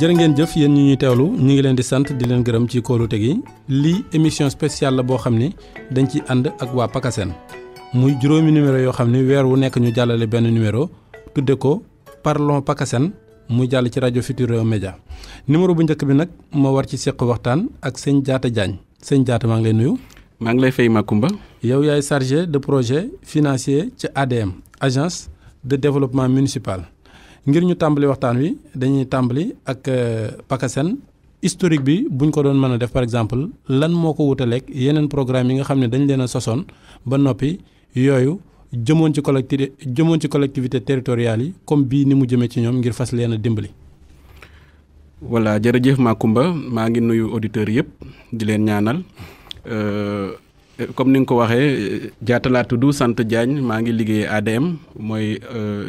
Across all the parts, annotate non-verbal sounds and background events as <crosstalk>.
jërë ngeen jëf yéen ñu ñuy teewlu ñu ngi leen di sant di leen gërëm ci kóolute gi lii émission spéciale la boo xam ni dañ ci ànd ak waa Pakaseen muy juróomi numéro yoo xam ni weer wu nekk ñu jàllale benn numéro tudde ko Parlons pakasen. muy jàll ci rajo futur Média. numéro bu njëkk bi nag moo war ci seq waxtaan ak sëñ Diatta Diagne sëñ Diatta maa ngi lay nuyu. maa ngi lay fay Makumba. yow yaay chargé de projet financier ci ADM agence de développement municipal. ngir ñu tàmbali waxtaan wi dañuy tàmbali ak euh, Pacasen historique bi buñ ko doon mën a def par exemple lan moo ko wutaleeg yeneen programme yi nga xam ne dañ leen a sosoon ba noppi yooyu jëmoon ci collectivité jëmoon ci collectivité territoriale yi comme bii ni mu jëmee ci ñoom ngir fas leen a dimbali. voilà jërëjëf Macoumba maa ngi nuyu auditeurs yëpp di leen ñaanal euh, comme ni nga ko waxee jaatalaat tudd sant Diagne maa ngi liggéey ADM mooy euh,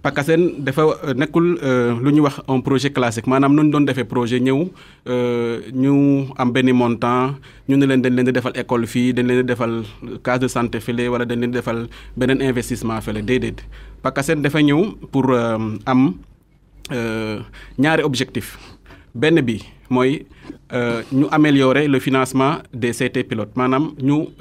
Pakasen dafa euh, nekkul euh, lu ñuy wax un projet classique maanaam nu ñu doon defee projet ñëw euh, ñu am benn montant ñu ne leen dañ leen di defal école fii dañ leen di defal case de santé fële wala dañ leen di defal beneen investissement fële déedéet Pakasen dafa ñëw pour am ñaari objectif benn bi mooy ñu améliorer le financement des CT pilotes maanaam ñu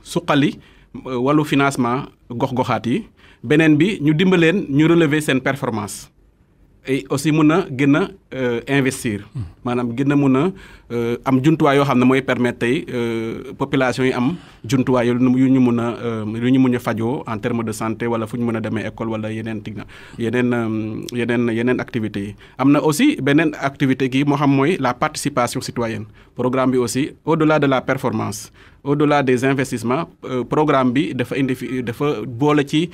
suqali walu financement gox-goxaat yi beneen bi ñu dimbaleen ñu relever seen performance et aussi mun a euh, investir maanaam gën a mun a euh, am jumtuwaay yoo xam ne mooy permettre tey euh, population yi am jumtuwaay yu ñu mun a yu ñu mun a fajoo en terme de santé wala fu ñu mën a demee école wala yeneen tig na yeneen yeneen yeneen activités yi am na aussi beneen activité gi moo xam mooy la participation citoyenne programme bi aussi au-delà de la performance au-delà des investissements programme bi dafa indi fi dafa boole ci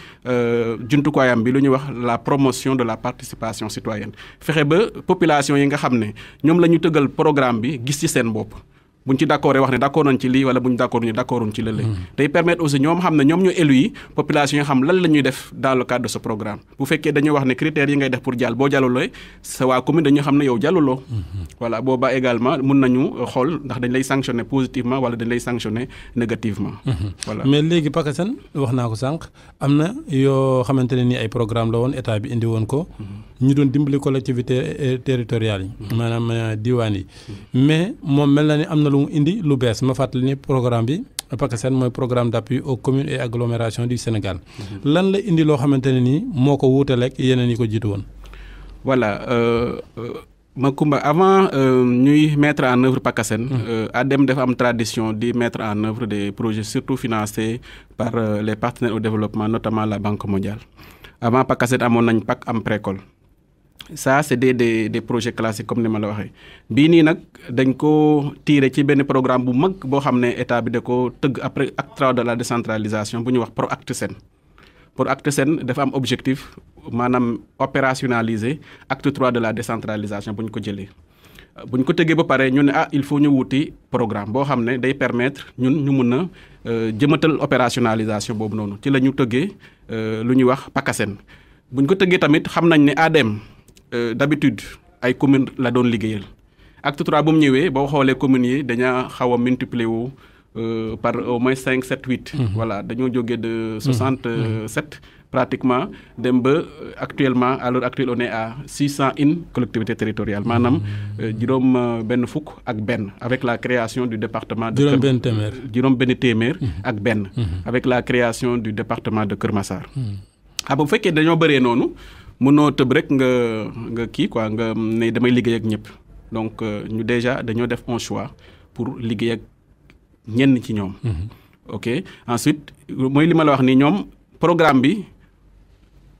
jumtukaayam bi lu ñuy wax la promotion de la participation citoyenne fexe ba population yi nga xam ne ñoom la ñu tëggal programme bi gis ci seen bopp buñ ci d' hmm. bu fekkee dañuy wax ne critères yi ngay def pour jàll boo hmm. mun nañu xool ndax dañ lay sanctionner positivement wala dañ lay sanctionner négativement hmm. voilà léegi Pakassène wax naa ko sànq am na yoo xamante nii ay programme la woon état bi indi woon ko ñu doon dimbali collectivité eh, eh, territoriale yi mm-hmm. maanaam eh, mais moom mel na ni am na lu indi lu bees ma fàttali ni programme bi mooy programme d'appui aux communes et agglomérations du Sénégal mm-hmm. lan la indi loo xamante ne nii moo ko wuutaleeg yeneen yi ko jiitu woon voilà euh, euh, avant euh, ñuy mettre en œuvre PACASEN mm-hmm. ADEM dafa am tradition di mettre en œuvre des projets surtout financés par les partenaires au développement notamment la Banque mondiale avant PACASEN amoon nañ PAC am précole ça c'est des des des projets classiques comme ni ma la waxee bii nii nag dañ ko tiire ci ben programme bu mag bo xamné état bi da ko teug après acte de la décentralisation bu ñuy wax acte sen, dafa am objectif manam opérationnaliser acte 3 de la décentralisation buñ ko jëlé buñ ko tëggee ba paré ñu ah il faut ñu wuti programme bo xamné day permettre ñun ñu mëna a euh, opérationnalisation bobu nonu ci lañu ñu tëggee euh, lu wax PACASEN buñ ko tëggee tamit xam nañ ne adem. Euh, d'habitude ay commune la donne liggéeyal acte 3 bu mu ñëwee boo les commune yi dañaa multiplié euh, par au moins 5 7 8 voilà dañoo de 67 mhm. pratiquement dem euh, actuellement à l'heure actuelle on est à 600 in collectivité territoriale maanaam mm benn fuk ak avec la création du département de juróom benn téeméer juróom benn Ben, avec la création du département de Kermassar mm -hmm. ah bu fekkee dañoo bëree mënoo tëb rek nga nga kii quoi nga ne damay liggéey ak ñëpp donc euh, ñu déjà dañoo def un choix pour liggéey ak ñenn ci ñoom. Mm-hmm. ok ensuite mooy li ma la wax ni ñoom programme bi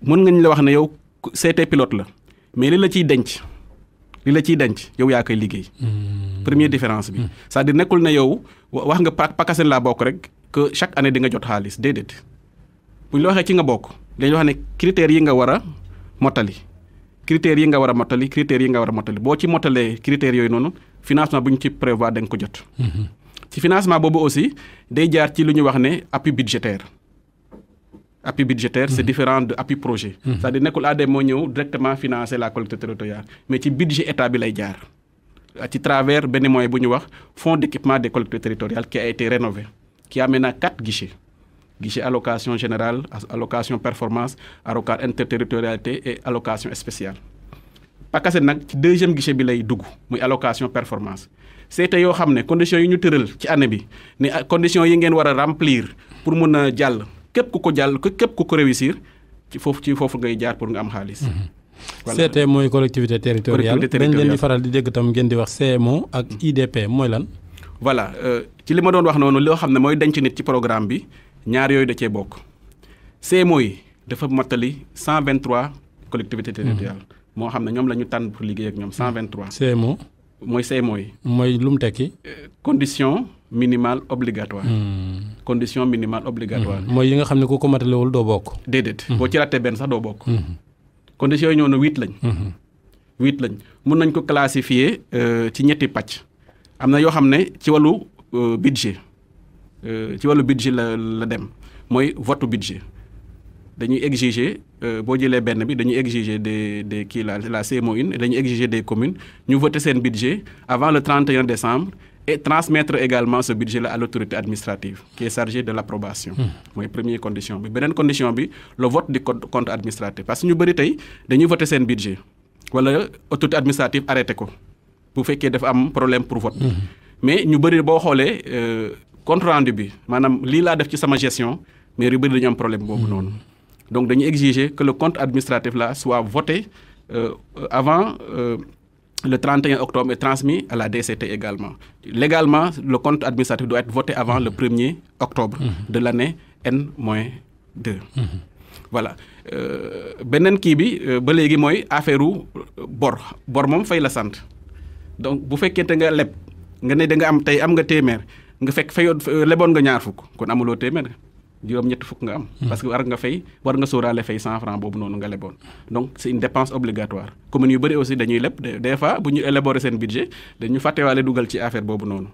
mën nga ñu la wax ne yow CT pilote la mais li la ciy denc li la ciy denc yow yaa koy liggéey. Mm-hmm. première différence bi. Mm-hmm. c'est-à-dire nekkul ne yow wax nga pak pakaseen laa bokk rek que chaque année di nga jot xaalis déedéet buñ la waxee ci nga bokk dañ la wax ne critères yi nga war a Motali, critère yi nga war a Motali, critères yi nga war a Motali. boo ci mottalee critère yooyu noonu financement bu ñu ci prévoir da nga ko jot. Mhm. ci financement boobu aussi day jaar ci lu ñu wax ne appui budgétaire. appui budgétaire c'est mhm. différent de appui projet. Mhm. c'est-à-dire nekkul ADM moo ñëw directement financer la collectivité territoriale mais ci budget état bi lay jaar. ci travers benn moyen bu ñu wax fonds d'équipement des collectivités territoriales qui a été rénové qui a maintenant quatre guichets guichet allocation générale, allocation performance, allocation interterritorialité et allocation spéciale. pakase c'est le deuxième guichet bi lay dugg allocation performance C'est yoo xam condition conditions yi ñu tëral ci année bi ne conditions yi ngeen remplir pour mun a jàll képp ku ko jall képp ku ko réussir ci fofu ci fofu ngay jaar pour nga am xaliss mhm. voilà CT moy collectivité territoriale dañ leen di faral di dégg tam ngeen di wax CMO ak IDP moy lan. voilà euh, ci li ma doon wax noonu lo xam moy mooy denc nit ci programme bi ñaar yooyu da cee bokk CMO yi collectivités territoriales mhm. moo xam ne pour liggéey ak cent CMO mooy CMO yi euh, condition minimale obligatoire hmm. condition minimale obligatoire hmm. mooy yi nga ne ku ko hmm. ci conditions huit lañ huit lañ nañ classifier euh, ci ñetti euh, budget tu vois le budget la la dem mooy vote budget dañuy exiger euh, boo jëlee benn bi dañuy exiger des des kii la la cmo dañuy exiger des communes ñu voter seen budget avant le 31 décembre et transmettre également ce budget là à l'autorité administrative qui est chargée de l'approbation hmm. mooy première condition bi deuxième condition bi le vote du compte administratif parce que ñu bëri tey dañuy voter seen budget wala autorité administrative arrêté ko bu fekkee dafa am problème pour vote hmm. mais ñu bëri boo xoolee euh, compte rendu bi maanaam lii laa def ci sama gestion mais yu bëri dañu am problème boobu hmm. noonu. donc dañu exiger que le compte administratif là soit voté euh, avant euh, le 31 octobre et transmis à la DCT également. Légalement, le compte administratif doit être voté avant le 1er hmm. octobre hmm. de l'année N-2. Voilà. Euh, benen ki bi euh, ba légui moy affaire euh, bor bor mom fay la sante donc bu fekké nga leb nga ne da nga am tay am nga témèr nga fekk fayoon leboon nga ñaar fukk kon amuloo téeméer juróom ñett fukk nga am hmm. parce que war nga fay war nga sóoraale fay cent franc boobu noonu nga leboon donc c' est une dépense obligatoire communes yu bëri aussi dañuy leb des fois bu ñu élaborer seen budget dañu fàttewaale dugal ci affaire boobu noonu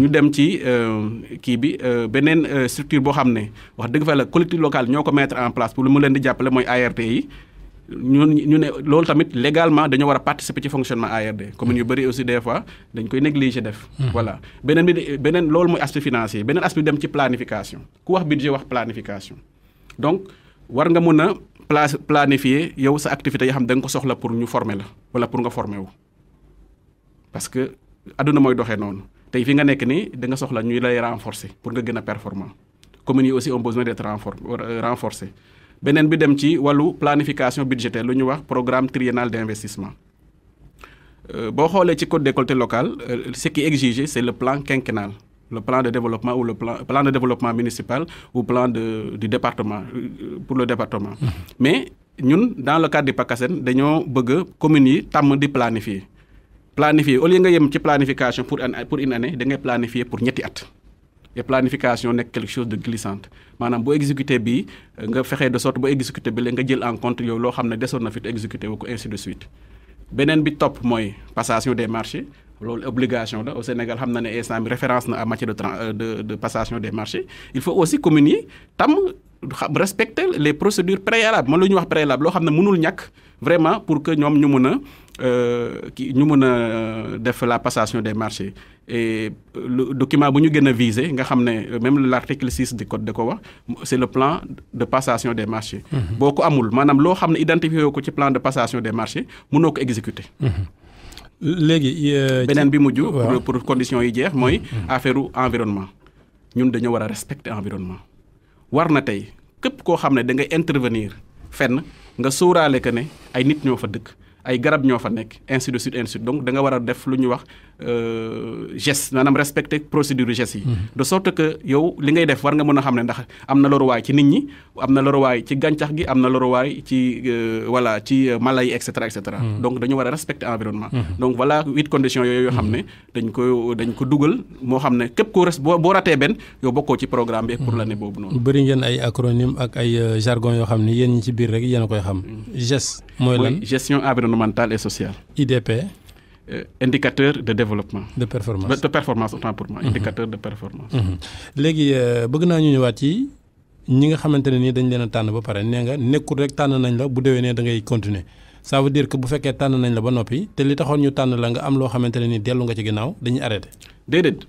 ñu dem ci euh, kii bi euh, beneen euh, structure boo xam ne wax dëgg fa la collectivité locale ñoo ko mettre en place pour lu mu leen di jàppale mooy ART yi ñun ñu ne loolu tamit légalement dañoo war a participer ci fonctionnement ARD communes yu bëri aussi des fois dañ koy négliger def hmm. voilà beneen bi beneen loolu mooy aspect financier beneen aspect bi dem ci planification ku wax budget wax planification donc war nga mun a place planifier yow sa activité yoo xam da nga ko soxla pour ñu former la wala pour nga former wu parce que adduna mooy doxee noonu tey fi nga nekk ni da nga soxla ñuy lay renforcer pour nga gën a performant communes yi aussi ont besoin d'être renforcé beneen bi dem ci planification budgétaire lu ñu wax programme triennal d'investissement euh, boo xoolee ci code de local local, euh, ce qui est exigé c'est le plan quinquennal le plan de développement ou le plan, plan de développement municipal ou plan de, du département, euh, pour le département. Mmh. Mais nous, dans le cadre du PACASEN, nous voulons communier, de planifier. Planifier, au lieu une planification pour, pour une année, nous planifier pour ñetti at et planification n'est quelque chose de glissante manam boo exécuté bi nga fexé de sorte ba exécuté bi nga jël en compte yow lo xamné déssone na fi exécuter ko ainsi de suite benen bi top moy passation des marchés L'obligation, obligation au Sénégal xam na ne instant référence na en matière de de passation des marchés il faut aussi communier, tam respecter les procédures préalables man lu wax préalable loo xam vraiment pour que nous ñu mën euh, ñu euh, def la passation des marchés et euh, le document que nous gën visé nga même l'article 6 du code de ko c'est le plan de passation des marchés. Mm-hmm. boo ko amul maanaam loo xam ne identifié ko ci plan de passation des marchés mënoo ko exécuter. Mm-hmm. léegi. Euh, beneen bi mujj. pour pour conditions yi jeex mooy. Mm-hmm. Mm-hmm. affaire environnement ñun dañoo war a respecter environnement. war na tey képp koo xam ne da ngay intervenir fenn nga sóoraale que ne ay nit ñoo fa dëkk. ay garab ñoo fa nekk ainsi de suite ainsi de donc da nga war a def lu ñuy wax euh, geste maanaam respecter procédure geste yi. Mm-hmm. de sorte que yow li ngay def war nga mën a xam ne ndax am na loruwaay ci nit ñi am na loruwaay ci gàncax gi am na loruwaay ci euh, voilà ci euh, mala yi et cetera et cetera. Mm-hmm. donc dañu war a respecter environnement. Mm-hmm. donc voilà huit conditions yooyu yoo xam ne dañ ko dañ ko dugal moo xam ne képp koo res boo boo ratee benn yow bokkoo ci programme bi. pour l'année boobu noonu. bëri ngeen ay acronyme ak ay jargon yoo xam ne yéen ñi ci biir rek yéen a koy xam. geste mooy lan gestion environnementale mental et social IDP. Euh, indicateur de développement. de performance de performance autant pour moi. Mhm. indicateur de performance. Mhm. les euh, bëgg ñu ñëwaat ci ñi nga que vous dañ leen tànn ba pare nee nga nekkul rek tànn nañ la bu da ngay ça veut dire que bu fekkee tànn nañ la ba noppi te li taxoon ñu tànn la nga am loo ne nga ci ginnaaw dañuy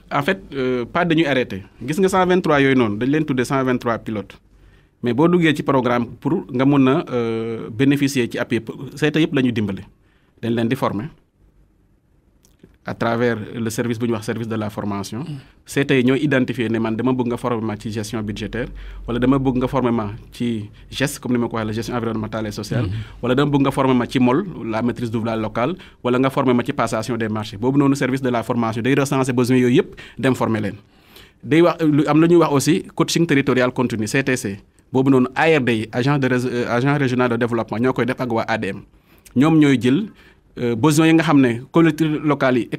en fait euh, pas dañuy arrêté gis nga 123 yooyu noonu dañ leen tuddee 123 pilotes mais boo duggee ci programme pour nga mun a euh, bénéficier ci appui sayta yëpp la ñuy dimbali dañ leen di former à travers le service bu ñuy wax service de la formation mm. sayta yi ñooy identifier ne man dama bëgg nga former ma ci gestion budgétaire wala dama bëgg nga former ma ci GES comme ni ma ko waxee la gestion environnementale et sociale mm. wala dama bëgg nga former ma ci MOL la maîtrise d'ouvrage locale wala nga former ma ci passation des marchés boobu noonu service de la formation day recenser besoins yooyu yëpp dem former leen day wax am la ñuy wax aussi coaching territorial continu CTC si noonu ARD yi agent de euh, régional de développement ñoo koy def ak waa ADM ñoom jël euh, besoin yi nga collectivités locales yi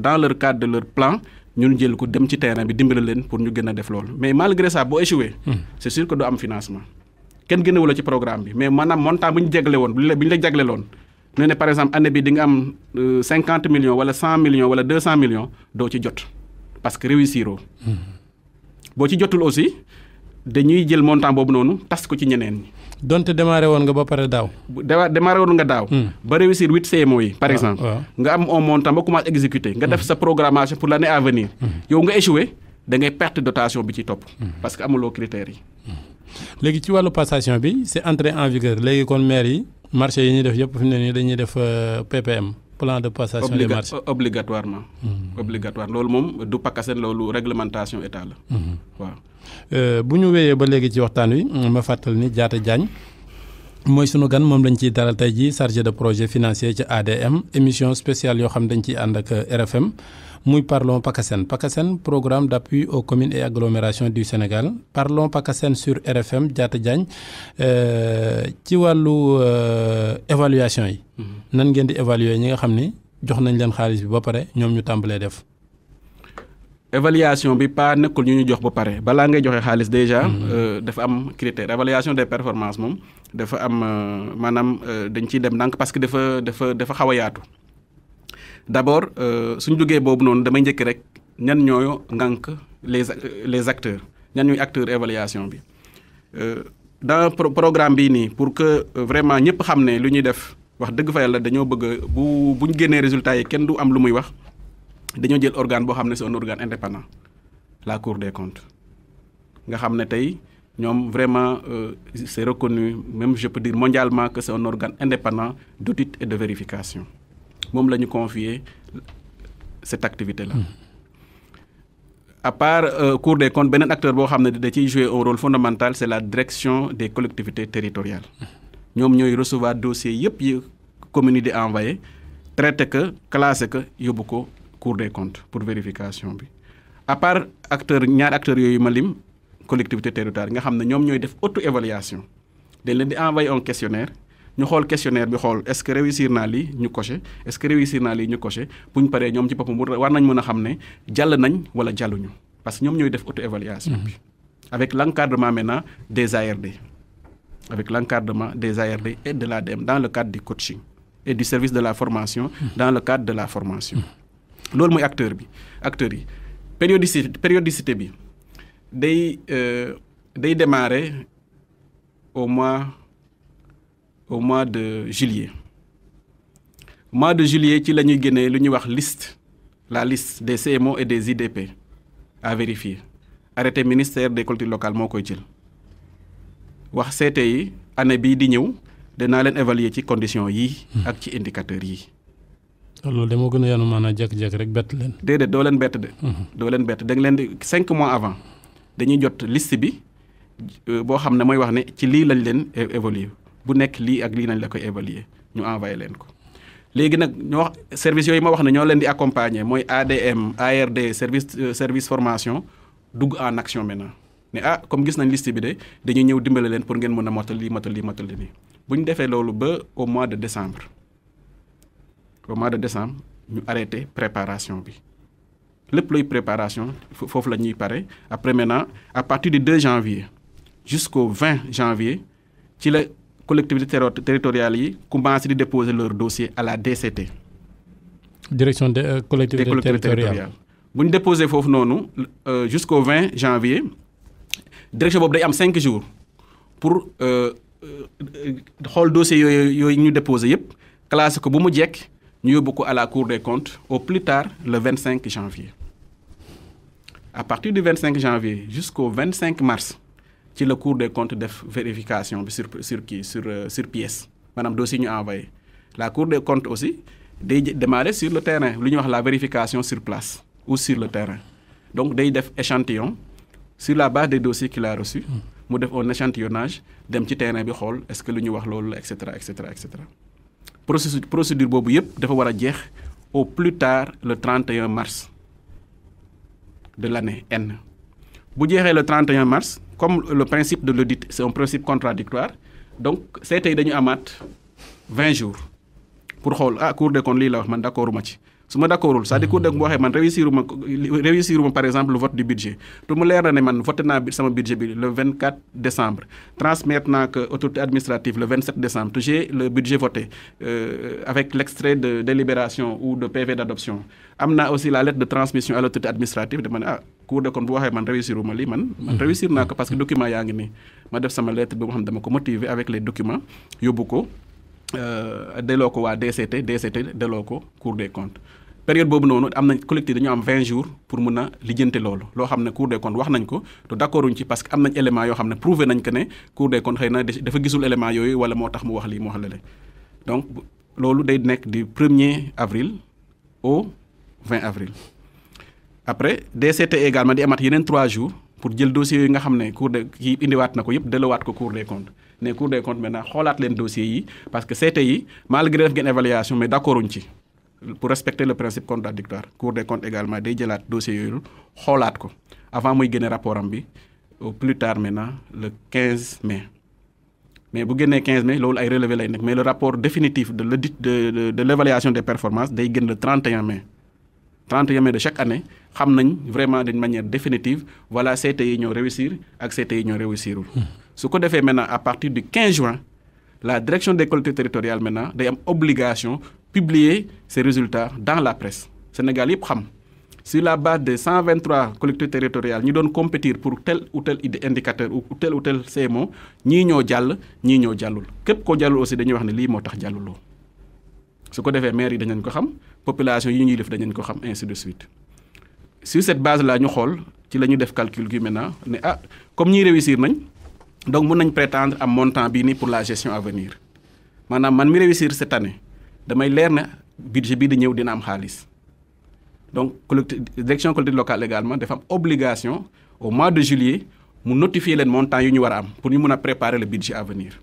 dans leur cadre de leur plan ñun jël ko dem ci terrain pour ñu gën def mais malgré ça boo échoué. Hmm. c'est sûr que du am financement. kenn génnewu ci programme mais maanaam montant bu ñu jagle la par exemple année bi di nga am 50 euh, millions wala 100 millions wala 200 millions doo ci jot parce que réussir. Hmm. boo ci jotul aussi dañuy jël montant boobu noonu tas ko ci ñeneen ñi. donte démarré woon nga ba pare daaw. démarré woon nga daaw. Hmm. ba réussir huit CMO yi. par ah, exemple nga am un montant ba commence exécuter. nga def hmm. sa programmation pour l' année à venir. Hmm. yow nga échoué da ngay perte dotation bi ci topp. parce que amuloo critères yi. léegi ci wàllu passation bi c' est entré en vigueur léegi kon maire yi marché yi ñuy def yëpp fi mu ne nii dañuy def euh, PPM. plan de passation des marchés obligatoirement. obligatoire loolu moom du pakaseen loolu réglementation état la. waaw. Euh, bu ñu wéyee ba léegi ci waxtaan wi mm, ma fàttali ni Diatta Diagne mooy sunu gan moom lañ ciy dalal tey jii chargé de projet financier ci ADM émission spéciale yoo xam dañ ciy ànd ak euh, RFM muy Parlons PACASEN PACASEN programme d'appui aux communes et agglomérations du Sénégal Parlons PACASEN sur RFM Diatta Diagne euh, ci wàllu évaluation yi. Mm-hmm. nan ngeen di évaluer ñi nga xam ni jox nañ leen xaalis bi ba pare ñoom ñu tàmbalee def évaluation bi pas nekkul ñu ñu jox ba pare ngay joxe xaliss déjà. Mhm. Euh, dafa am critère évaluation des performances mom dafa am euh, euh dañ ci dem nank parce que dafa dafa dafa xaw a yaatu. d'abord euh, suñu duggee bobu non damay ñëk rek ñan ñooyo ngànk les les acteurs ñan ñuy acteurs évaluation bi. dans programme bi ni pour que vraiment ñëpp xamné lu ñuy def wax dëgg fa yàlla dañoo bëgg bu buñu génné résultats yi kenn du am lu muy wax dañoo jël organe boo xam c'est un organe indépendant la cour des comptes nga xam vraiment euh, c'est reconnu même je peux dire mondialement que c'est un organe indépendant d'audit et de vérification Nous la confié confier cette activité là. Hmm. à part la euh, cour des comptes beneen acteur boo xam da un rôle fondamental c'est la direction des collectivités territoriales Nous ñooy recevoir dossier yëpp yi communes communautés di envoyé traité que classé que yóbbu cour des comptes pour vérification bi à part acteur ñaar acteurs yooyu ma lim collectivité territoriale nga xam ne ñoom def auto évaluation dañ leen envoyé un questionnaire ñu xool questionnaire bi xool est ce que réussir naa lii ñu coché est ce que réussir naa lii ñu coché buñ ñu paree ci boppam war nañ mën a xam parce que ñoom ñooy def auto évaluation bi mm-hmm. avec l'encadrement maintenant des ARD avec l'encadrement des ARD et de l'ADM dans le cadre du coaching et du service de la formation mm-hmm. dans le cadre de la formation mm-hmm loolu mooy acteur bi acteur yi périodicité périodicité bi day euh, day démarrer au mois de juillet mois de juillet ci la ñuy liste la liste des CMO et des IDP à vérifier arrêté ministère des cultures locales moo koy jël wax yi année bii di ñëw danaa évaluer ci conditions et ak ci indicateurs loolu de moo gën a yanu maanaam jékki-jékki rek bett leen. déedéet doo leen bett de. doo leen bett da nga leen di cinq mois avant dañuy jot liste bi euh, boo xam ne mooy wax ne ci lii lañ leen évoluer bu nekk lii ak lii lañ la koy évaluer ñu envoyé leen ko. léegi nag ñoo service yooyu ma wax ne ñoo leen di accompagner mooy ADM ARD service euh, service formation dugg en action maintenant ne ah comme gis nañ liste bi de dañuy ñëw dimbale leen pour ngeen mën a motal lii motal lii motal lii bu ñu defee loolu ba au mois de décembre au mois de décembre ñu arrêté préparation le plus de préparation faut la après maintenant à partir du 2 janvier jusqu'au 20 janvier les collectivités territoriales commencent à déposer leur dossier à la DCT. direction euh, des collectivités territoriales déposez ñu euh, jusqu'au 20 janvier direction il day a 5 jours pour que euh, dossier nous sommes à la cour des comptes au plus tard le 25 janvier à partir du 25 janvier jusqu'au 25 mars ci la cour des comptes de vérification sur sur qui, sur euh, sur pièce Madame dossier envoyé la cour des comptes aussi démarrer sur le terrain L'Union la vérification sur place ou sur le terrain donc des échantillons échantillon sur la base des dossiers qu'il a reçus hmm. mu fait un échantillonnage dem ci terrain est-ce que l'union ñu etc etc etc processus procédure boobu yëpp dafa war au plus tard le 31 mars de l'année N bu jeexee le 31 mars comme le principe de l'audit c'est un principe contradictoire donc c'était dañu 20 jours pour xool ah Cour la wax man su d'accord. d'accordul c'est-à-dire que dëgg boo réussir par exemple le vote du budget Tu me leer na ne voté naa sama budget le 24 décembre transmettre naa que autorité administrative le 27 décembre j'ai le budget voté euh, avec l'extrait de délibération ou de PV d'adoption am aussi la lettre de transmission à l'autorité administrative de ma cour de compte bu waxee man mhm. réussir ma réussir parce que document yaa ngi ni ma def sama lettre bi nga xam dama ko avec les documents yóbbu ko euh, delloo ko waa DCT DCT delloo ko cour des comptes période boobu noonu am nañ collectif dañu am 20 jours pour mun a lijjante loolu loo xam ne Cour des comptes wax nañ ko te d'accorduñ ci parce que am nañ élément yoo xam ne prouvé nañ que ne Cour des comptes xëy na dafa gisul élément yooyu wala moo tax mu wax lii mu wax la donc loolu day nekk du 1er avril au 20 avril après DCT également di amat yeneen 3 jours pour jël dossier yi nga xam ne Cour des kii indiwaat na ko yëpp delluwaat ko Cour des comptes ne Cour des comptes maintenant xoolaat leen dossier yi parce que CT yi malgré def ngeen évaluation mais d'accorduñ ci pour respecter le principe contradictoire cour des comptes également day le dossier yooyu xoolaat ko avant muy génne rapport bi au plus tard maintenant le 15 mai mais bu le 15 mai loolu ay relevé lay mais le rapport définitif de l'évaluation des performances day le 31 mai 31 mai de chaque année xam vraiment d'une manière définitive voilà c'était yi ñoo réussir ak CTE yi ñoo réussirul hmm. su ko maintenant à partir du 15 juin la direction des collectivités territoriales maintenant day am obligation publier ces résultats dans la presse Sénégal yëpp sur la base des 123 collectivités territoriales ...nous doon compétir pour tel ou tel indicateur ou tel ou tel CMO ñii ñoo jàll ñii ñoo jàllul Que koo jàllul aussi dañuy wax ne lii moo tax jàlluloo su ko defee maire yi dañu ko xam population yi ñuy def dañu ko xam ainsi de suite sur cette base là ñu xol ci lañu def calcul gi maintenant né ah comme ñi réussir nañ donc mun nañ prétendre am montant bi ni pour la gestion à venir manam man mi réussir cette année damay leer na budget bii di ñëw dina am xaalis donc collectivité direction collectivité locale également dafa am obligation au mois de juillet mu notifier leen montant yu ñu war a am pour ñu mun a préparer le budget à venir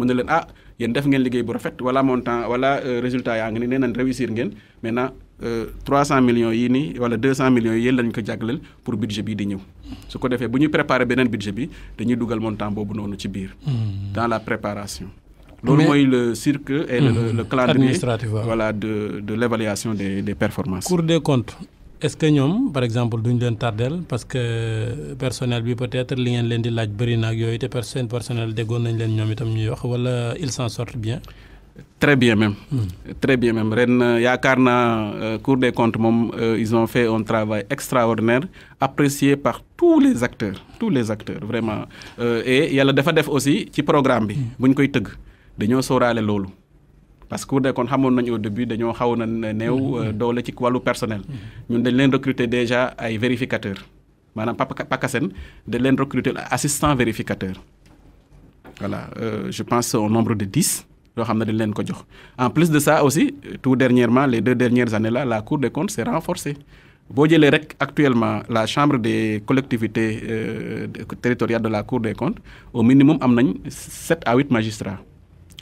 mu ne leen ah yéen def ngeen liggéey bu rafet wala montant wala euh, résultat yaa ngi ni nee nañ réussir ngeen maintenant 300 euh, millions yii ni wala 200 millions yi lañ ko jagleel pour budget bii di ñëw su ko defee bu ñu préparer beneen budget bi dañuy dugal montant boobu noonu ci biir hmm. dans la préparation loolu moi, le cirque et le mhm. le administratif, voilà de de des des performances. cour des comptes est ce que nous, par exemple nous sommes tardés parce que personnel peut être li gens leen di laaj bëri na personnel déggoon nañ leen itam ils s'en sortent bien. Très bien même. Hmm. Très bien même. Ren euh, Yakarna, euh, Cour des comptes, mom, euh, ils ont fait un travail extraordinaire, apprécié par tous les acteurs. Tous les acteurs, vraiment. Euh, et il y a le DEFADEF aussi, qui programme. Mmh dañoo sóoraale loolu parce que Cour des comptes au début dañoo xaw na néew mm-hmm. euh, doole ci wàllu personnel mm-hmm. ñun dañ leen recruter déjà ay vérificateurs maanaam PACASEN dañ leen recruter assistant vérificateur voilà euh, je pense au nombre de 10. yoo xam ne dañ leen ko jox en plus de ça aussi tout dernièrement les deux dernières années là la Cour des comptes s'est renforcée boo jëlee rek actuellement la chambre des collectivités euh, territoriales de la Cour des comptes au minimum am nañ 7 à 8 magistrats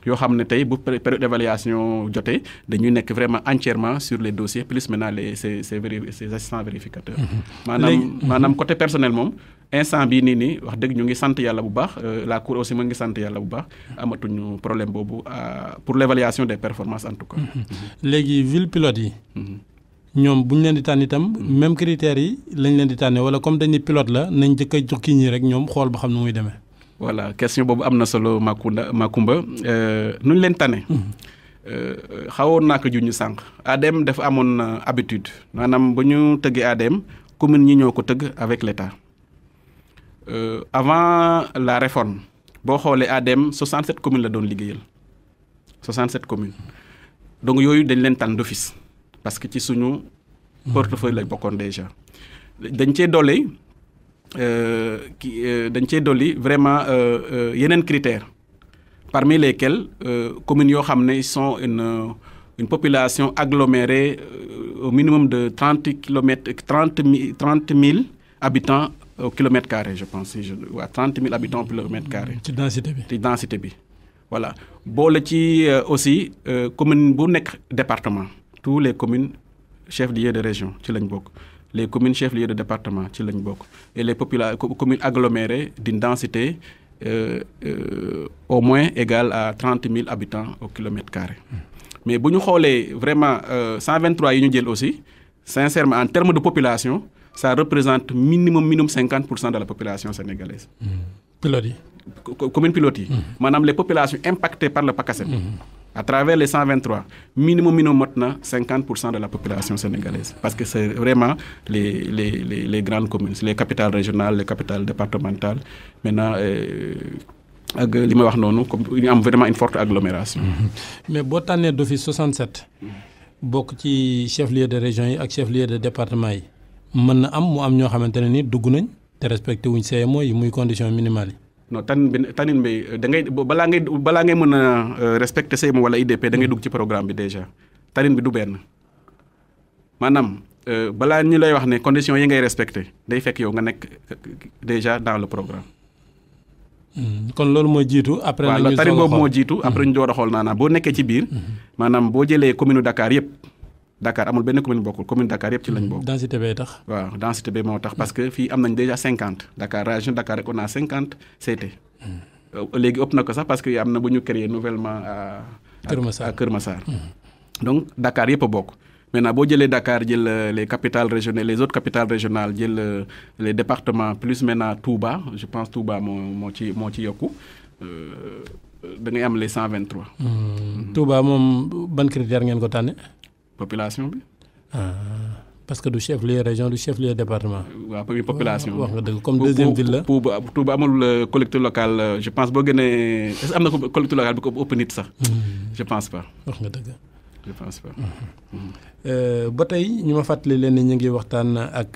yoo xam ne tey bu période d'évaluation jotee dañuy nekk vraiment entièrement sur les dossiers plus maintenant les ces ces ces assistants vérificateurs. Mm-hmm. maanaam <laughs> maanaam côté personnel moom. instant bii nii nii wax dëgg ñu ngi sant yàlla bu baax euh, la cour aussi mu ngi sant yàlla bu baax amatuñu problème boobu euh, pour l'évaluation des performances en tout cas. Mm-hmm. léegi ville pilote yi. Mm-hmm. ñoom bu ñu leen di tànn itam. même critères yi lañ leen di tànnee wala comme dañ ni pilote la nañ jëkk a jox kii rek ñoom xool ba xam nu muy demee. voilà question boobu am na solo Macounda Macoumba euh, nu ñu leen tane. Hmm. Euh, xawoon naa ko ju ñu sànq. ADM dafa amoon euh, habitude maanaam ba ñu tëggee ADM commune ñi ñoo ko tëgg avec l' état avant la réforme boo xoolee ADM 67 commune la doon liggéeyal 67 commune donc yooyu dañ leen tànn d' office parce que ci suñu hmm. portefeuille lañ bokkoon déjà dañ cee doole. Euh, ki euh, dañ cee vraiment euh, yenen critères parmi lesquels communes yo sont une une population agglomérée au minimum de 30 km 30 30 000 habitants au kilomètre carré je pense si je waa 30 mille habitants au kilomètre carré. tu densité bi tu densité bi. voilà les ci aussi commune bu nek département. tous les communes chefs lieu de région ci lañ bokk les communes chefs-lieux de département et les communes agglomérées d'une densité euh, euh, au moins égale à 30 000 habitants au kilomètre carré mais si ñu vraiment 123 euh, aussi sincèrement en termes de population ça représente minimum minimum 50% de la population sénégalaise. Mmh. Piloti commune pilote yi. Mmh. les populations impactées par le PACASEN à travers les 123, minimum, minimum maintenant 50% de la population sénégalaise. Parce que c'est vraiment les, grandes communes, les capitales régionales, les capitales départementales. Maintenant, euh, y a vraiment une forte agglomération. Mhm. mais boo année d'office 67. tu ci chef lieu de région et chef lieu de département yi. mën am mu am ñoo xamante non tanin bi tanin bi da ngay balaa ngay balaa ngay mën a euh, respecter CMO wala IDP dangay ngay dugg ci programme bi déjà tanin bi du benn maanaam euh, balaa ñu lay wax ne conditions yi ngay respecter day fekk yow nga nekk déjà dans le programme. Hmm, kon loolu moo jiitu. après la tanin boobu moo jiitu après hmm. ñu door a xool naanaa boo nekkee ci biir. Hmm. maanaam boo jëlee commune Dakar yëpp. Dakar amul benn commune bokkul commune Dakar yëpp ci lañ mhm. bokk. densité bee tax. waaw densité bee moo tax parce que fii am nañ déjà 50 Dakar région Dakar rek on a cinquante CT. Mhm. Euh, léegi ëpp na ko sax parce que am na bu ñu créé nouvellement à. Kër Massar à Kër mhm. donc Dakar yëpp a bokk. Maintenant, si vous Dakar, jël euh, les capitales régionales, les autres capitales régionales, jël euh, les départements, plus maintenant Touba, je pense Touba, ci mon Yoku, vous am les 123. Touba, ban critère ngeen ko avez population bi. Ah, parce que du chef lieu région du chef lieu département. Euh, waaw population wax nga comme deuxième ville la. pour Touba amul euh, collecte local euh, je pense bo gënee est-ce que am na collecte locale bi ko ëpp nit sax. Hmm. je pense pas. wax nga deug je pense pas. Hmm. Hmm. ba tey ñuma ma len ñi ngi waxtaan ak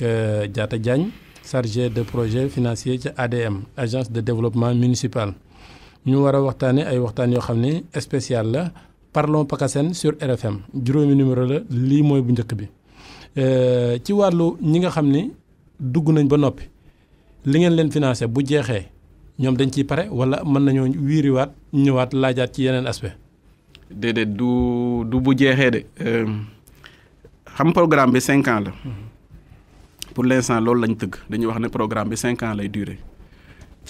jaata jagne chargé de projet financier ca ADM agence de développement municipal ñu wara waxtane ay waxtane yo xamni spécial la parlons PAKASEN sur RFM le numéro la lii mooy bu njëkk bi euh, ci wàllu ñi nga xam ni nañ ba noppi li ngeen leen financé bu jeexee ñoom dañ ci pare wala mën ci aspect du du de euh, xam programme bi cinq ans mm-hmm. pour l'instant loolu lañ tëgg dañuy wax programme bi cinq ans lay durer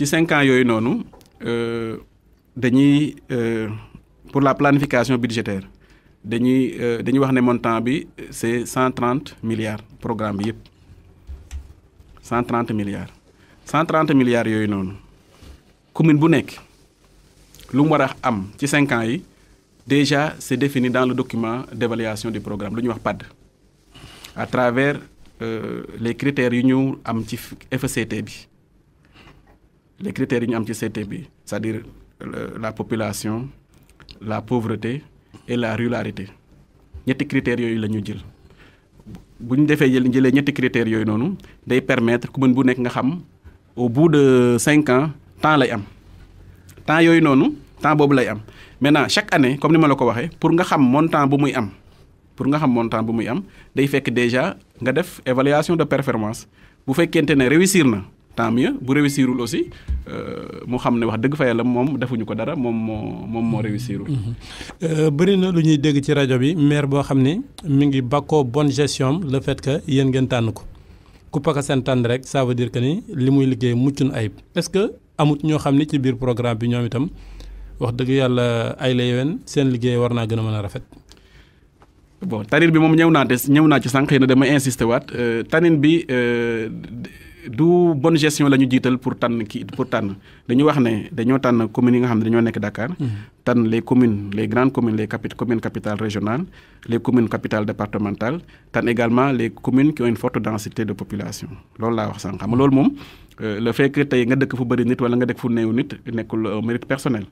ans euh, pour la planification budgétaire dañuy euh, dañuy wax montant c'est 130 milliards programme bi 130 milliards 130 milliards yooyu commune bu lu am ans déjà c'est défini dans le document d'évaluation du programme lu ñuy à travers euh, les critères yu ñu FCT les critères ñu c'est-à-dire la population la pauvreté et la ruralité. ñetti critères yooyu la ñu jël bu ñu defee jël jëlee ñetti critères yooyu noonu day permettre commune bu nekk nga xam au bout de 5 ans temps lay am temps yooyu noonu temps boobu lay am maintenant chaque année comme ni ma la ko waxee pour nga xam montant bu muy am pour nga xam montant bu muy am day fekk déjà nga def évaluation de performance bu fekkente ne réussir na. tant mieux bu réussirul aussi euh, mu xam ne wax dëgg fa yàlla moom defuñu ko dara moom moo moom moo réussirul. Mhm. Euh, bëri na lu ñuy dégg ci rajo bi maire boo xam ne mi ngi bakkoo bonne gestion le fait que yéen ngeen tànn ko ku paka seen tànn rek ça veut dire que ni li muy liggéey muccun ayib. est ce que amut ñoo xam ne ci biir programme bi ñoom itam wax dëgg yàlla ay la yeween seen liggéey war naa gën a mën a rafet. bon tanin bi moom ñëw naa des ci sànq dama insister waat euh, tanin bi. du bonne gestion la pourtant, pour tànn pour dañu wax ne communes yi nga ne Dakar. Mhm. les communes les grandes communes les capitales, communes capitales régionales les communes capitales départementales et également les communes qui ont une forte densité de population C'est la wax sank xam nga euh, le fait que tay nga dëkk fu bari nit wala nga dëkk fu néew nit nekul mérite personnel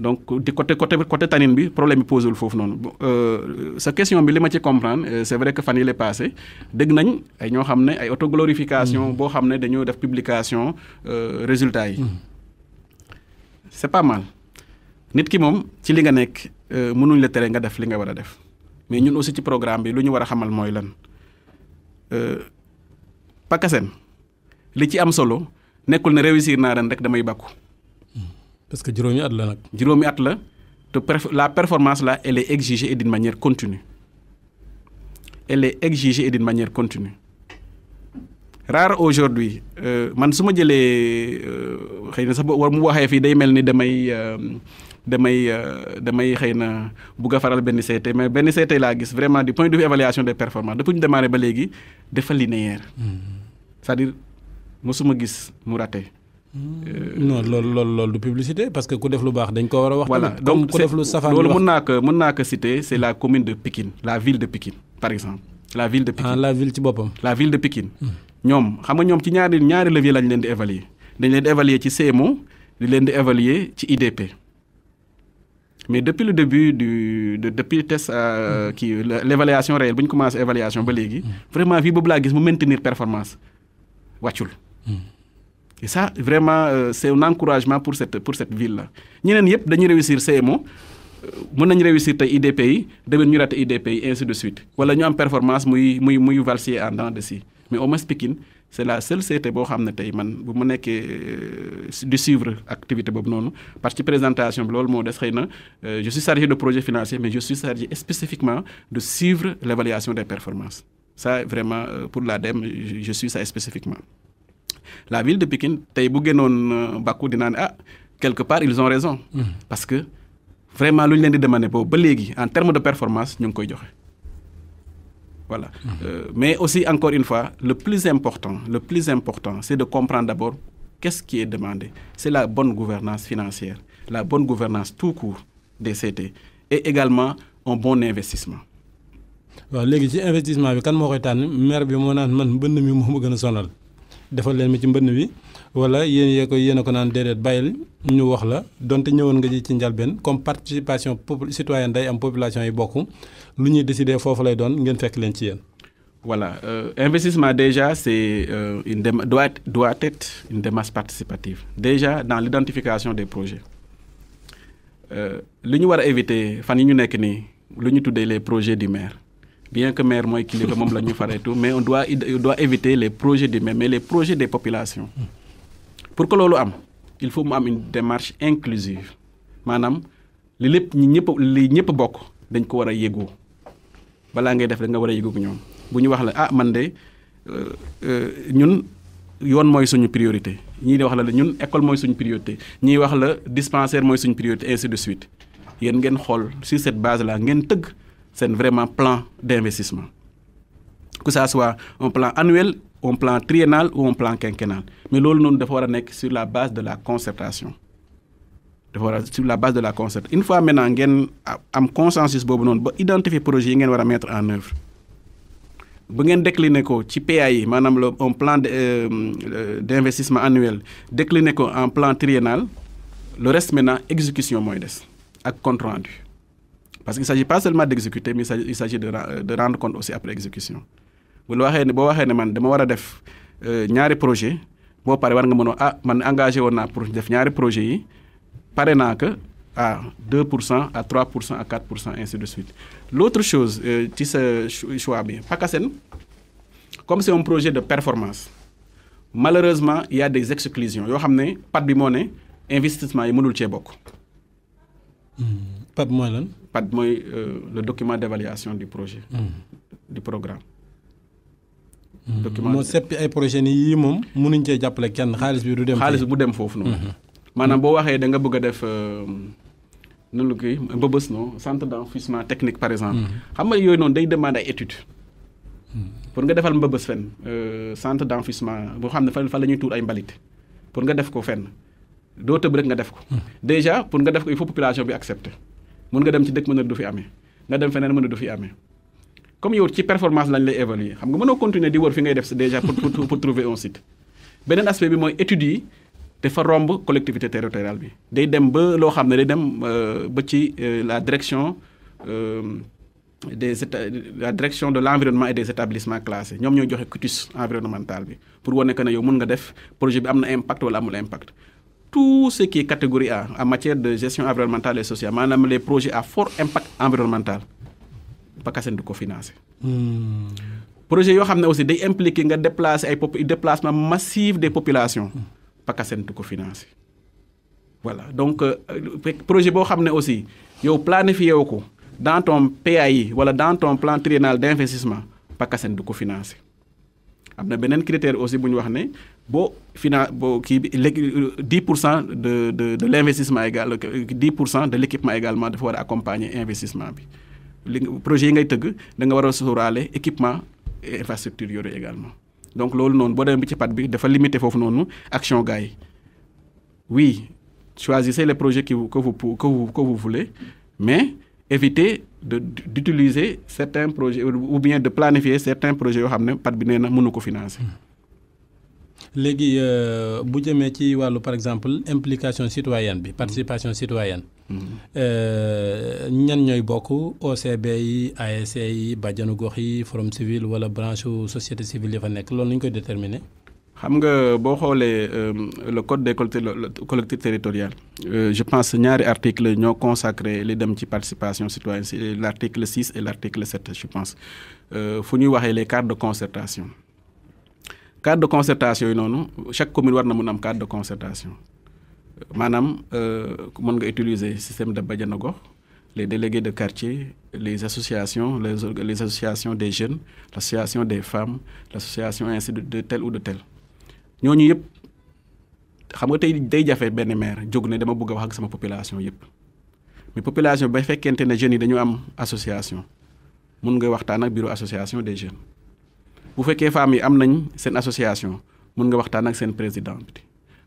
donc di côté côté côté tanine bi problème bi posé wul foofu noonu euh, sa question bi li ma ci comprendre euh, c' est vrai que fan yi la passé dégg nañ ay ñoo xam ne ay autoglorification mm. boo xam ne dañoo def publication euh, résultats yi mm. c' est pas mal nit ki moom ci li nga nekk mënuñ la tere nga def li nga war a def mais ñun aussi ci programme bi lu ñu war a xamal mooy lan pakaseen li ci am solo nekkul ne réussir naa ren rek damay bakku parce que juróomi at la nag. juróomi at la la performance là elle est exigée et d'une manière continue elle est exigée et d'une manière continue rare aujourd'hui euh, man su ma jëlee euh, xëy na sax war mu waxee fii day mel ni damay euh, damay damay xëy na bugg a faral benn mais benn seete laa gis vraiment du point de vue évaluation des performances depuis ñu démarré ba léegi dafa linéaire mm-hmm. c'est-à-dire mosuma gis mu raté. Euh, non lolo loolu de publicité parce que ku def lu baax dañ ko voilà donc ku de lu safaan loolu que c'est la commune de Pékin, la ville de Pékin, par exemple. la ville de Pékin. ah la ville de Pékin. la ville de Pékin. Hmm. ñoom xam nga ñoom ci ñaari ñaari levier lañ leen di évaluer dañ leen di évaluer ci CMO di leen di évaluer ci mais depuis le début du de depuis test qui euh, hmm. l'évaluation réelle bu commence commence évaluation ba hmm. vraiment fii bobla gis mu maintenir performance wàccul. Et ça, vraiment, euh, c'est un encouragement pour cette, pour cette ville-là. Nous avons réussir CMO, nous avons réussir IDPI, nous avons IDPI, et ainsi de suite. nous avons une performance qui est valsée en dents de si. Mais au moins, speaking, c'est la seule chose que je ne tey man bu euh, suivre l'activité. Bob non. parce que présentation euh, je suis chargé de projet financier mais je suis chargé spécifiquement de suivre l'évaluation des performances ça vraiment pour l'ADEME je suis ça spécifiquement la ville de Pékin, Taïbouguenon euh, Bakou, Dinan, ah, quelque part, ils ont raison. Hmm. Parce que vraiment, ce qu'ils demandé, en termes de performance, nous avons voilà. Mmh. Euh, mais aussi, encore une fois, le plus important, le plus important, c'est de comprendre d'abord qu'est-ce qui est demandé. C'est la bonne gouvernance financière, la bonne gouvernance tout court des CT et également un bon investissement. waaw ci investissement bi kan koy maire bi moo naan man mi defal leen ma ci mbënd wi wala yéen yee ko yéen a ko naan déedéet bàyyil ñu wax la donte ñëwoon nga ji ci njalbeen comme participation pop citoyenne day am population yi bokk lu ñuy décider foofu lay doon ngeen fekk leen ci yéen. Voilà, euh, investissement déjà, c'est euh, une doit, doit être une démarche participative. Déjà dans l'identification des projets. Euh, ce qu'on éviter, ñu c'est les projets du maire bien que maire mooy mais on doit on doit éviter les projets des même mais les projets des populations pour que am il faut une démarche inclusive Madame, li li dañ ko a bala ngay def nga wara a ñom bu ñu wax la ah man de euh, euh, ñun yoon mooy suñu priorité di wax la ñun école suñu priorité wax dispensaire ainsi de suite yéen sur cette base là c'est vraiment plan d'investissement que ça soit un plan annuel un plan triennal ou un plan quinquennal mais nous devons dafa war sur la base de la concertation sur la base de la concertation une fois maintenant avons un consensus nous noonu ba identifier projet projets et mettre en œuvre Si nous décliner ko ci un plan euh, euh, d'investissement annuel décliner en plan triennal le reste maintenant exécution moyenne des compte rendu parce qu'il ne s'agit pas seulement d'exécuter mais il s'agit euh, de, rendre compte aussi après exécution Vous la waxee ne boo man dama def euh, projet ah, engagé pour faire ñaari projet yi à 2 à 3 à 4 et ainsi de suite L'autre chose euh, comme c'est un projet de performance malheureusement il y a des exclusions Vous xam ne pat bi monnaie, ne investissement yi mënul cee Pas de monnaie PAD euh, le document d'évaluation du projet. Hmm. du programme. Hmm. document moo projet ni est un projet qui un projet qui du dem. projet bu dem un projet hmm. da nga euh, centre d'enfouissement technique par exemple. xam nga pour nga defal euh, centre d'enfouissement il xamne fa lañuy tour ay pour nga def ko fenn do teub rek nga def ko. déjà pour nga def ko il faut population bi accepter mën nga dem ci dëkk mën a du fi amee nga dem feneen mën a du fi amee comme yow ci performance lañ lay évaluer xam nga mënoo continuer di wër fi ngay def déjà pour pour trouver un site beneen aspect bi mooy étude yi dafa romb collectivité territoriale bi day dem ba loo xam ne day dem euh, ba ci euh, la direction euh, des la direction de l' environnement et des établissements classés ñoom ñooy joxe cutus environnemental bi pour wane que ne yow mun nga def projet bi am na impact wala amul impact tout ce qui est catégorie A en matière de gestion environnementale et sociale les projets à fort impact environnemental PACASEN de cofinancer. Hmm. Projets projet yoo Les aussi day impliquer nga déplacer ay déplacement massif des populations pas du de cofinancer. voilà donc euh, projet projets qui sont aussi yo dans ton PAI dans ton plan triennal d'investissement, investissement PACASEN de cofinancer. financé critère aussi pour wax bon final bon qui de de de l'investissement égal dix pour de l'équipement également de pouvoir accompagner investissement bi projet yi ngay teug da nga wara a équipement et infrastructure yoro également donc loolu non bo dem bi ci pat bi dafa limiter fofu action gars oui choisissez les projets qui que vous que vous que vous voulez mais évitez d'utiliser certains projets ou bien de planifier certains projets yo xamne ne pat bi nee ko financer. Hmm léegi euh, bu jëmee ci wàllu par exemple implication citoyenne bi participation citoyenne mm-hmm. euh, ñan ñooy bokk OCB yi ASC yi gox yi forum civil wala branche société civile yi fa nekk loolu ñu koy déterminer xam nga boo xoolee euh, le code des collectivités territoriales je pense ñaari article ñoo consacré li dem ci participation citoyenne l'article 6 et l'article 7 je pense fu ñuy waxee les cartes de concertation cadre de concertation chaque commune war na mun am cadre de concertation maanaam euh, mën nga utiliser système de bajana les délégués de quartier les associations les associations des jeunes l'association des femmes l'association ainsi de tel ou de tel ñooñu yëpp xam nga tey day jafe benn maire jóg ne dama bëgg a wax ak sama population yëpp mais population ba fekkente ne jeunes yi dañu am association mun nga waxtaan ak bureau association des jeunes vous faites que yi am nañ seen association mun nga waxtaan ak seen président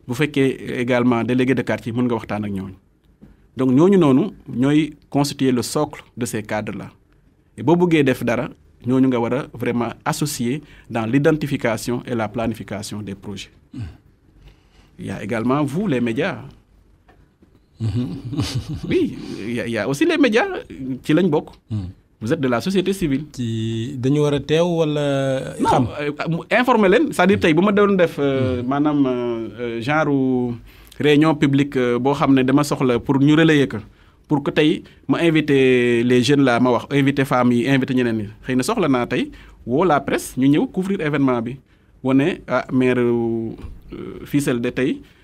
bu fekkee également délégué de quartier mun nga waxtaan ak donc ñooñu noonu ñooy constituer le socle de ces cadres là et si vous def dara ñooñu nga war vraiment associer dans l'identification et la planification des projets il y a également vous les médias mm-hmm. oui il y a aussi les médias ci lañ bokk mm vous êtes de la société civile. Qui dañu wara a wala. xam euh, informer leen cest dire tay buma doon def euh, manam hmm. euh, genre réunion publique bo xam dama soxla pour ñu relayer ko pour que t'ay, ma inviter les jeunes là ma wax inviter femmes yi invité ñeneen ñi xëy na soxla naa tey woo la presse ñu ñëw couvrir événement bi woné ah maire Fissel de t'ay.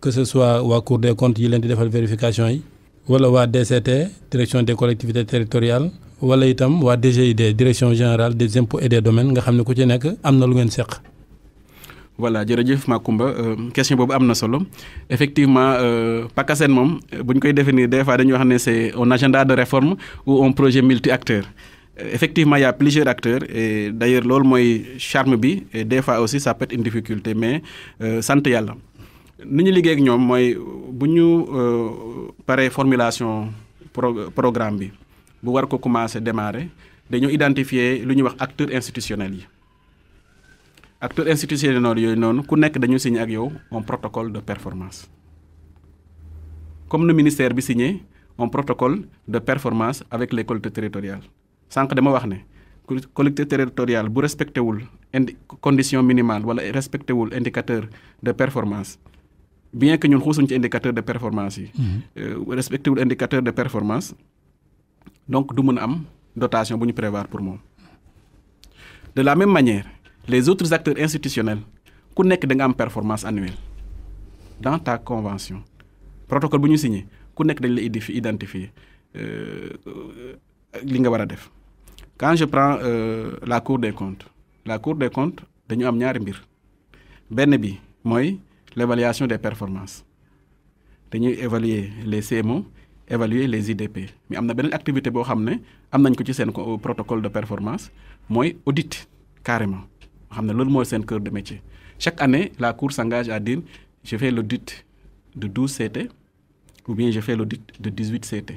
que ce soit la Cour des comptes yi y di defal vérification ou à la DCT direction des collectivités territoriales ou itam waa DGID direction générale des impôts et des domaines nga avons fait ku ci nekk voilà jërëjëf Makumba euh, question boobu am solo effectivement euh, pas moom bu ñu koy définir des fois c'est un agenda de réforme ou un projet multi-acteurs euh, effectivement il y a plusieurs acteurs et d'ailleurs loolu mooy charme bi et des fois aussi ça peut être une difficulté mais sant yàlla. Nous avons liggéey ak euh, formulation programme bi bu war démarrer nous identifier lu acteurs institutionnels yi acteurs institutionnels yooyu noonu ku nekk dañu signer un protocole de performance comme le ministère bi signé un protocole de performance avec les collectivités territoriales sànq dama wax ne collectivité territoriale bu respecté wul indi condition minimale wala respecté wul indicateurs de performance bien que ñun xusuñ ci indicateur de performance yi. Mhm. Euh, respecté indicateur de performance donc du mën am dotation bu ñu prévoir pour nous de la même manière les autres acteurs institutionnels ku nekk da nga am performance annuelle dans ta convention protocole bu ñu signé ku nekk dañ la identifier euh, li nga quand je prends euh, la cour des comptes la cour des comptes dañu am ñaari mbir benn bi l'évaluation des performances dañuy évaluer les CMO évaluer les IDP mais nous avons une activité qui est dans le ko euh, protocole de performance c'est audit carrément C'est ne loolu cœur de métier chaque année la cour s'engage à dire je fais l'audit de 12 CT ou bien je fais l'audit de 18 CT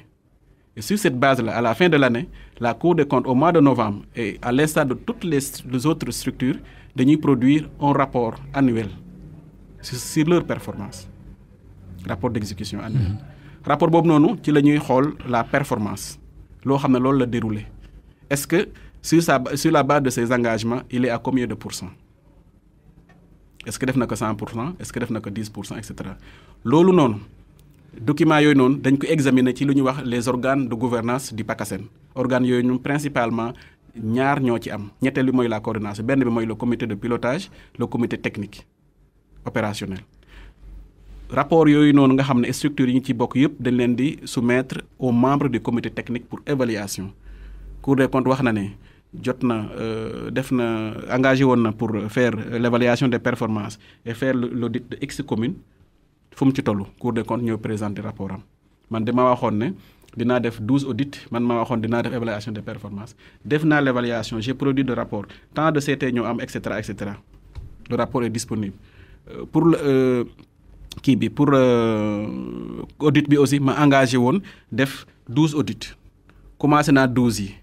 et sur cette base-là, à la fin de l'année, la Cour des comptes, au mois de novembre, et à l'instar de toutes les, autres structures, de nous produire un rapport annuel sur leur performance rapport d'exécution annuel rapport Bob Nono ci la la performance loo xam ne loolu déroulé est-ce que sur la base de ses engagements il est à combien de pourcents est-ce qu'il na que 100% est-ce qu'il na que 10% Etc. cent qui document yoy non dañ ko examiner ci wax les organes de gouvernance du PACASEN organes yoy ñun principalement ñaar ñoo ci am ñetteel bi la coordination benn bi le comité de pilotage le comité technique opérationnel rapport yooyu noonu nga xam ne structures yi ñu ci bokk yëpp dañ leen di soumettre aux membres du comité technique pour évaluation cour des comptes wax na ne jot na euh, def na engagé na pour faire l'évaluation des performances et faire l'audit de x commune fu mu ci toll cour des comptes ñëw présenter rapport am man dama waxoon ne dinaa def 12 audits man ma waxoon dinaa def évaluation des performances def naa l' j'ai produit de rapport tant de CT ñoo am etc. le rapport est disponible pour l'audit euh, pour euh, euh, audit bi aussi engagé won def 12 audits commencé na 12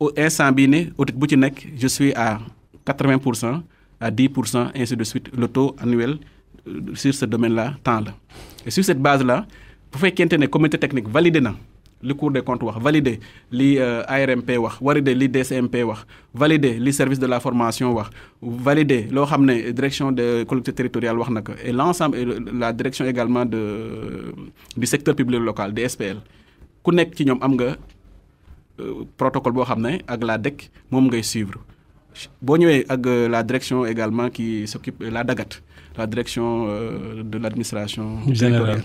au instant bi ne audit bu je suis à 80% à 10% et ainsi de suite le taux annuel euh, sur ce domaine là tant là et sur cette base là pour faire un comité technique validé, na le cours des comptes valider li euh, ARMP valider li DCMP valider li service de la formation valider la direction de la territoriale wax et l'ensemble la direction également de euh, du secteur public local des ku nek ci ñom am nga euh, protocole bo la DEC suivre la direction également qui s'occupe la DAGAT la direction de l'administration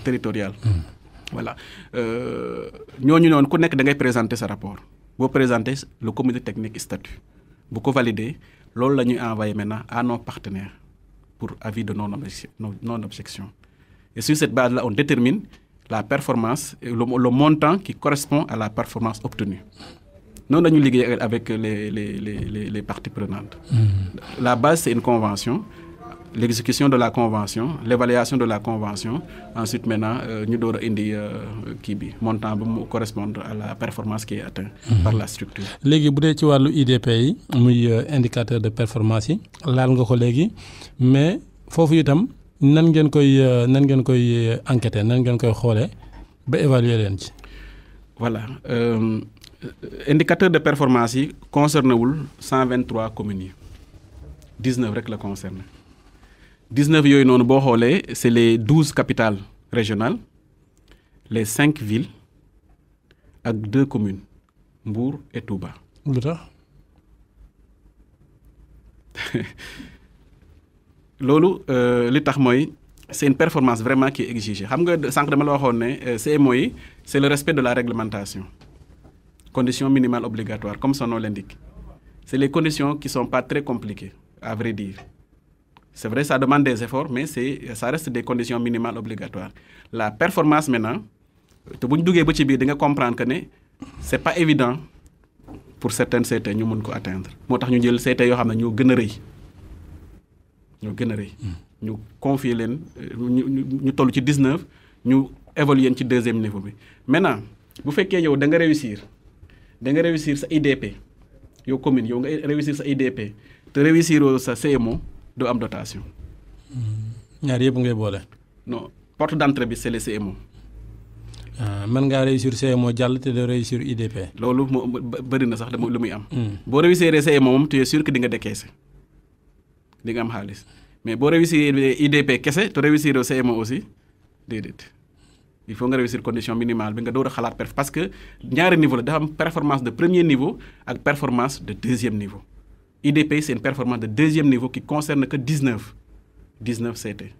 territoriale hmm voilà euh, ñooñu noonu ku nekk da ngay présenter ce rapport Vous présenter le comité technique statut Vous ko valider loolu la maintenant à nos partenaires pour avis de non objection et sur cette base là on détermine la performance et le, montant qui correspond à la performance obtenue Nous, la ñuy avec les les les parties prenantes. Hmm. la base c'est une convention l'exécution de la convention l'évaluation de la convention ensuite maintenant nous euh, devons indiquer indi qui euh, bi montant ba correspondre à la performance qui est atteinte mhm. par la structure. Légui, vous avez ci wàllu IDP yi euh, indicateur de performance nga ko mais foofu itam nan ngeen koy nan ngeen koy enquêter nan ngeen koy ba évaluer len ci. voilà euh, indicateur de performance yi concerné wul 123 communes 19 rek la concerné. 19 yooyu c'est les 12 capitales régionales les 5 villes ak 2 communes Mbour et Touba. lu tax. <laughs> Euh, c'est une performance vraiment qui est exigée xam nga sànq dama la euh, c'est le respect de la réglementation conditions minimales obligatoires comme son nom l'indique c'est les conditions qui sont pas très compliquées à vrai dire. C'est vrai, ça demande des efforts, mais ça reste des conditions minimales obligatoires. La performance maintenant, tu vous ba ci comprendre que ce n'est pas évident pour certaines CT nous pouvons atteindre Nous avons ñu jël CT yoo xam nous ñoo gën nous avons ñoo nous Nous rëy. Hmm. ñu confier deuxième niveau maintenant si vous yow da nga réussir da nga réussir sa IDP vous commune yow nga réussir sa IDP te réussir sa CMO do am dotation. Hmm. ñaar yëpp ngay boole. non porte d'entrée bi c'est le CMO. Ah, mën ngaa réussir CMO jàll te doo réussir IDP. loolu mo bëri na sax lu muy am. Hmm. boo réussir CMO moom tu es sûr que di nga décaissé di nga am xaalis mais boo réussir IDP kese te réussir CMO aussi déedéet il faut nga réussir condition minimale bi nga door a xalaat parce que ñaari niveau la dafa am performance de premier niveau ak performance de deuxième niveau. IDP, c'est une performance de deuxième niveau qui concerne que 19. 19 CT.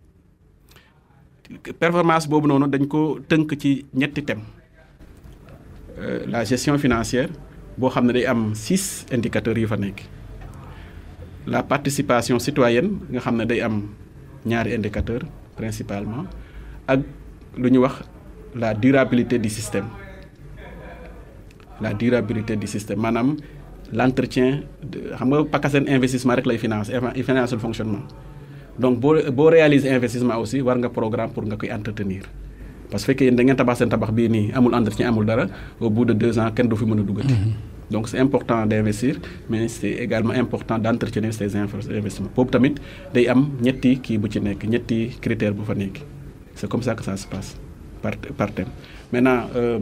performance c'est une dañ ko tënk ci ñetti thèmes euh, la gestion financière bon on a day indicateurs la participation citoyenne on a ne indicateurs principalement Et la durabilité du système la durabilité du système l'entretien, entretien xam nga pakaseen investissement rek lay finance il finance le fonctionnement donc boo boo réaliser investissement aussi war un programme pour nga koy entretenir parce que si yéen da ngeen tabax seen tabax amul entretien amul dara au bout de deux ans kenn du fi mën a mm-hmm. donc c'est important d'investir, mais c'est également important d'entretenir ces investissements Pour tamit day am ñetti kii bu ci nekk ñetti critère bu fa comme ça que ça se passe par par thème maintenant euh,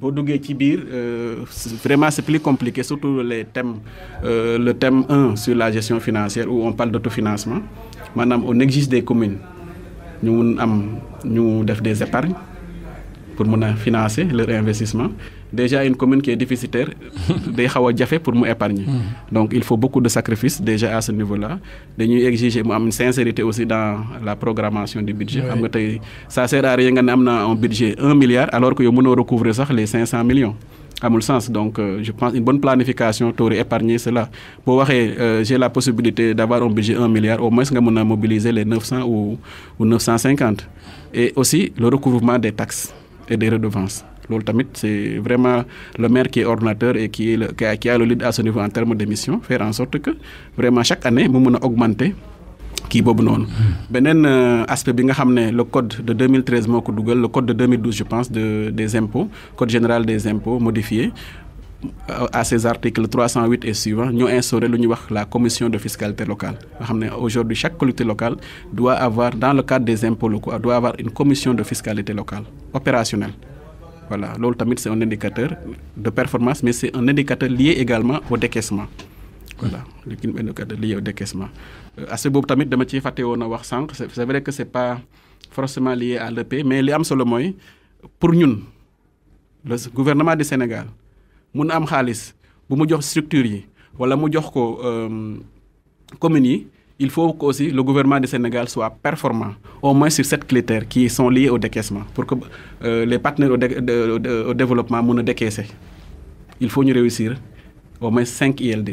pour nous, ci euh, vraiment c'est plus compliqué surtout les thèmes euh, le thème 1 sur la gestion financière où on parle d'autofinancement Maintenant, on existe des communes nous avons des épargnes pour financer leur investissement déjà une commune qui est déficitaire <laughs> day xaw a jafe pour nous épargner. Hmm. donc il faut beaucoup de sacrifices déjà à ce niveau là Nous exiger une sincérité aussi dans la programmation du budget xam nga ça sert à rien d'avoir un budget 1 milliard alors que yow mënoo les sax les 500 millions amul sens donc euh, je pense une bonne planification pour épargné cela Pour waxee euh, j'ai la possibilité d'avoir un budget 1 milliard au moins si on a mobiliser les 900 ou ou et aussi le recouvrement des taxes et des redevances loolu c'est vraiment le maire qui est ordinateur et qui est qui a, le lead à ce niveau en termes de faire en sorte que vraiment chaque année mu qui a augmenter kii hmm. euh, aspect bi nga le code de 2013 le code de 2012 je pense de des impôts code général des impôts modifié. Euh, à ces articles 308 et suivants, nous instauré la commission de fiscalité locale. Aujourd'hui, chaque collectivité locale doit avoir, dans le cadre des impôts locaux, doit avoir une commission de fiscalité locale opérationnelle voilà c'est un indicateur de performance mais c'est un indicateur lié également au décaissement voilà le indicateur lié au décaissement ce euh, bout tamit dama c'est vrai que c'est pas forcément lié à l'EP mais li am seulement pour nous, le gouvernement du Sénégal mon am des bu mu jox structure yi wala mu euh, il faut aussi le gouvernement du Sénégal soit performant, au moins sur sept critères qui sont liés au décaissement, pour que euh, les partenaires au, développement puissent décaisser. Il faut nous réussir au moins 5 ILD.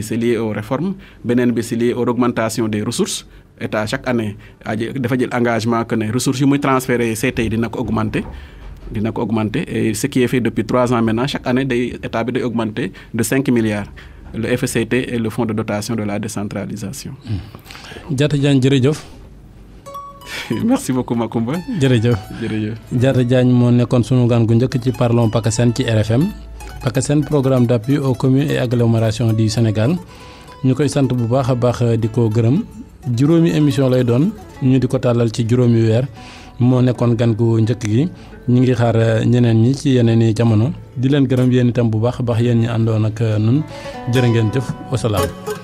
c'est lié aux réformes c'est lié aux augmentation des ressources à chaque année dafa jël engagement que les ressources transférées, transférées, augmenter et ce qui est fait depuis trois ans maintenant chaque année l'État a augmenté de 5 milliards le FCT et le Fonds de dotation de la décentralisation. Hmm. Diatta Diagne <laughs> merci beaucoup Makumba. jërëjëf jërëjëf. Diatta Diagne mo nekkoon sunu gan gu njëkk ci parlons Pakasen ci RFM pakistan programme d'appui aux communes et agglomérations du Sénégal Nous koy sant bu baax a baax di émission lay doon ñu diko talal ci mo nekkoon gan gu njëkk gi ñu ngi xaar eh, ñeneen ñi ci yeneen i jamono di leen gërëm yéen itam bu baax baax yéen ñi àndoon ak eh, nun jërë ngeen jëf wasalaam